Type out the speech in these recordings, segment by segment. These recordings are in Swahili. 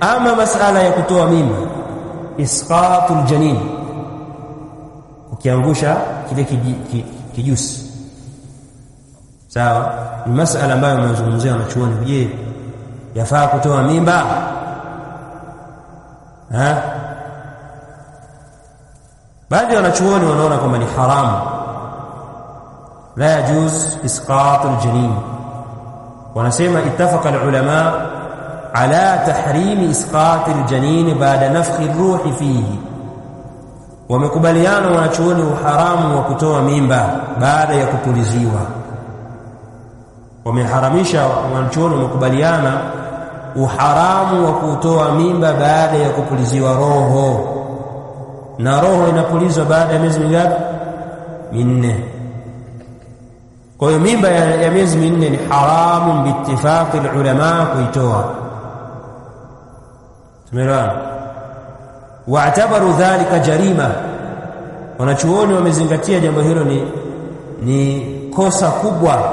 Ama masala ya kutoa mimba, isqatul janin, ukiangusha kile kijusi, sawa. Ni masala ambayo mazungumzia wanachuoni. Je, yafaa kutoa mimba ha? Baadhi ya wanachuoni wanaona kwamba ni haramu, la yajuz isqatul janin. Wanasema ittafaqa alulama ala tahrimi isqati aljanini baada nafkhi ruhi fihi, wamekubaliana wanachuoni uharamu wa kutoa mimba baada ya kupuliziwa. Wameharamisha wanachuoni, wamekubaliana uharamu wa kutoa mimba baada ya kupuliziwa roho, na roho inapulizwa baada ya miezi mingapi? Minne. Kwa hiyo mimba ya miezi minne ni haramu biitifaqi alulamaa kuitoa tumeelewana. Waatabaru dhalika jarima, wanachuoni wamezingatia jambo hilo ni, ni kosa kubwa.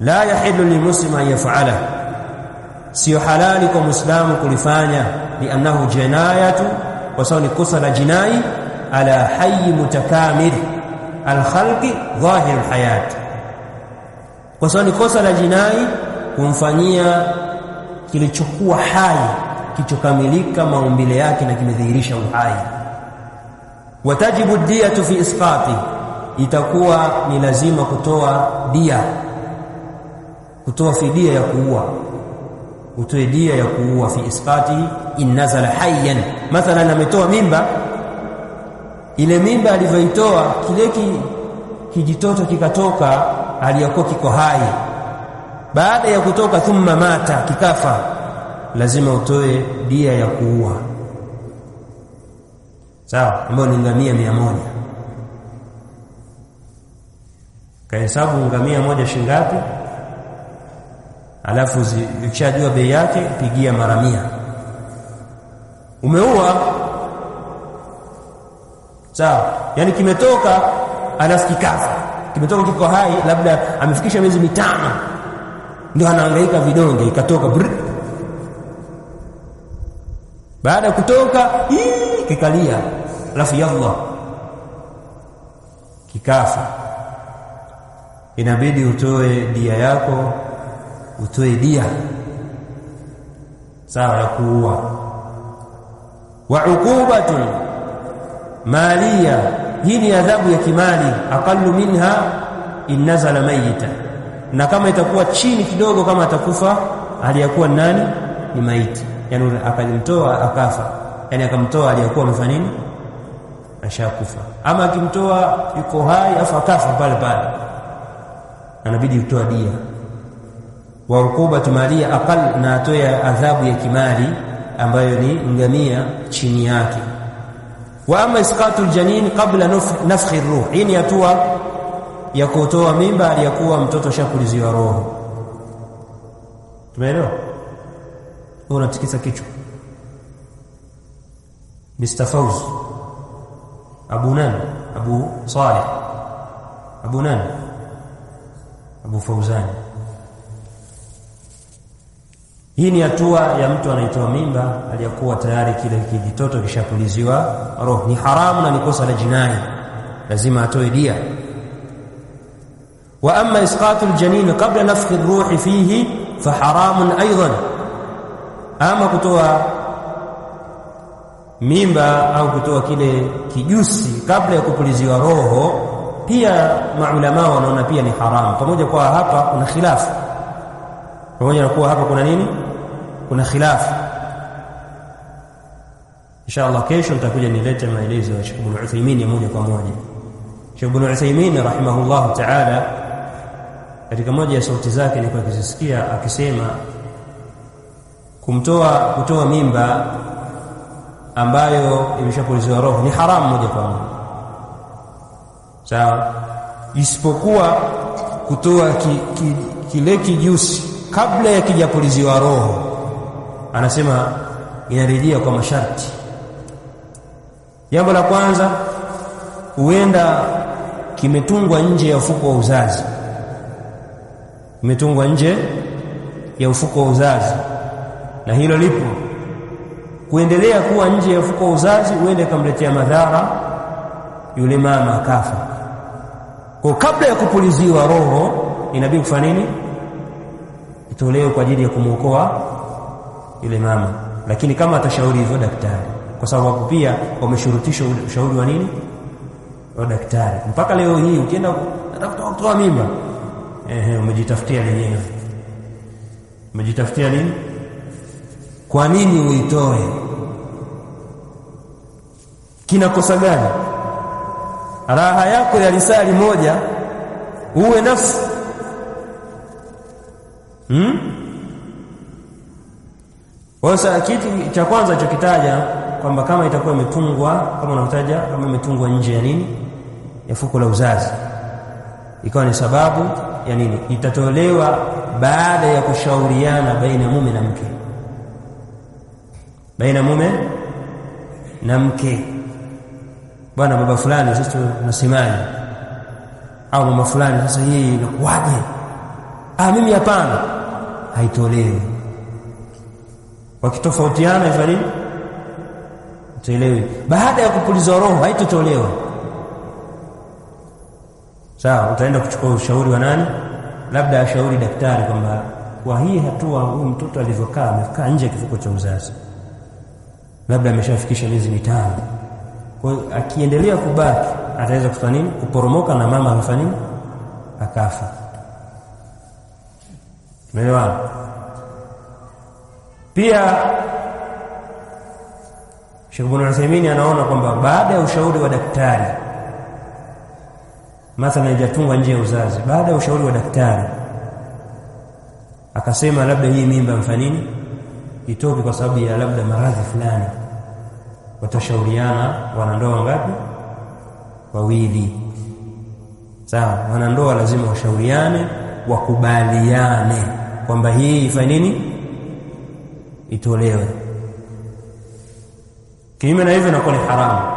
La yahilu lilmuslimu an yafala, siyo halali kwa mwislamu kulifanya. Liannahu jinayatu, kwa sababu ni kosa la jinai. Ala hayi mutakamil alkhalqi dhahiru lhayati, kwa sababu ni kosa la jinai kumfanyia kilichokuwa hai kilichokamilika maumbile yake na kimedhihirisha uhai. Watajibu diyatu fi isqati, itakuwa ni lazima kutoa dia, kutoa fidia ya kuua, utoe dia ya kuua. Fi isqati in nazala hayyan, mathalan ametoa mimba, ile mimba alivyoitoa kile kijitoto kikatoka, aliyokuwa kiko hai baada ya kutoka thumma mata, kikafa, lazima utoe dia ya kuua, sawa, ambayo ni ngamia mia moja. Kahesabu ngamia moja shingapi, alafu ukishajua bei yake pigia mara mia. Umeua, sawa, yani kimetoka alafu kikafa, kimetoka kiko hai, labda amefikisha miezi mitano ndio anahangaika vidonge, ikatoka Baada ya kutoka kikalia, alafu yalla kikafa. Inabidi utoe dia yako, utoe dia sawa ya kuua. Wa ukubatu maliya, hii ni adhabu ya kimali. Aqallu minha in nazala mayita na kama itakuwa chini kidogo, kama atakufa aliyakuwa nani ni maiti, yani akalimtoa akafa, yani akamtoa aliyakuwa amefanya nini, ashakufa. Ama akimtoa yuko hai afu akafa pale pale, anabidi kutoa dia wa rukubatu tumalia aqal, na atoya adhabu ya kimali ambayo ni ngamia chini yake. Wa ama isqatu aljanin qabla nafkhi ruh, hii ni hatua ya kutoa mimba aliyakuwa mtoto shakuliziwa roho. Tumeelewa? Wewe unatikisa kichwa. Mr. Fauzi Abu nani? Abu Saleh Abu nani? Abu Fauzani. Hii ni hatua ya mtu anaitoa mimba aliyakuwa tayari kile kijitoto kishapuliziwa roho. Ni haramu na ni kosa la jinai, lazima atoe dia wa amma isqatu ljanini qabla nafkhi ruhi fihi fa haramun aidan, ama kutoa mimba au kutoa kile kijusi kabla ya kupuliziwa roho pia maulama wanaona pia ni haramu, pamoja kwa hapa kuna khilafu, pamoja na kuwa hapa kuna nini, kuna khilafu. Insha Allah kesho nitakuja nilete maelezo ya Sheikh Ibn Uthaymeen moja kwa moja. Sheikh Ibn Uthaymeen rahimahullahu ta'ala katika moja ya sauti zake nilikuwa nikizisikia akisema kumtoa kutoa mimba ambayo imeshapuliziwa roho ni haramu moja kwa moja, sawa, isipokuwa kutoa ki, ki, kile kijusi kabla ya kijapuliziwa roho. Anasema inarejea kwa masharti. Jambo la kwanza, huenda kimetungwa nje ya ufuko wa uzazi imetungwa nje ya ufuko wa uzazi, na hilo lipo. Kuendelea kuwa nje ya ufuko wa uzazi uende kamletea madhara yule mama akafa. Kwa kabla ya kupuliziwa roho, inabidi kufanya nini? Itolewe kwa ajili ya kumwokoa yule mama, lakini kama atashauri hivyo daktari, kwa sababu pia wameshurutishwa ushauri wa nini wa daktari. Mpaka leo hii ukienda kutoa mimba ehe, umejitafutia lenyewe, umejitafutia nini? Kwa nini uitoe? kosa gani? Raha yako ya risali moja uwe nafsi hmm? Sasa kitu cha kwanza chokitaja kwamba kama itakuwa imetungwa kama unataja kama imetungwa nje ya nini ya fuko la uzazi ikawa ni sababu ya nini, itatolewa baada ya kushauriana baina mume na mke, baina mume na mke. Bwana baba fulani, sisi tunasemaje? Au mama fulani, sasa hii inakuwaje? Ah, mimi hapana, haitolewi. Wakitofautiana nini tuelewi baada ya kupulizwa roho, haitotolewa Sawa, utaenda kuchukua ushauri wa nani? Labda ashauri daktari kwamba kwa hii hatua huyu mtoto alivyokaa, amekaa nje ya kifuko cha uzazi, labda ameshafikisha miezi mitano. Kwa hiyo akiendelea kubaki ataweza kufanya nini? Kuporomoka na mama amefanya nini? Akafa. Umeelewana? Pia Sheikh Ibn Uthaymeen anaona kwamba baada ya ushauri wa daktari mathalan haijatungwa nje ya uzazi, baada ya ushauri wa daktari akasema labda hii mimba mfanini itoke kwa sababu ya labda maradhi fulani, watashauriana wanandoa wangapi? Wawili. Sawa, wanandoa lazima washauriane, wakubaliane kwamba hii ifanini itolewe. Kinyume na hivyo inakuwa ni haramu.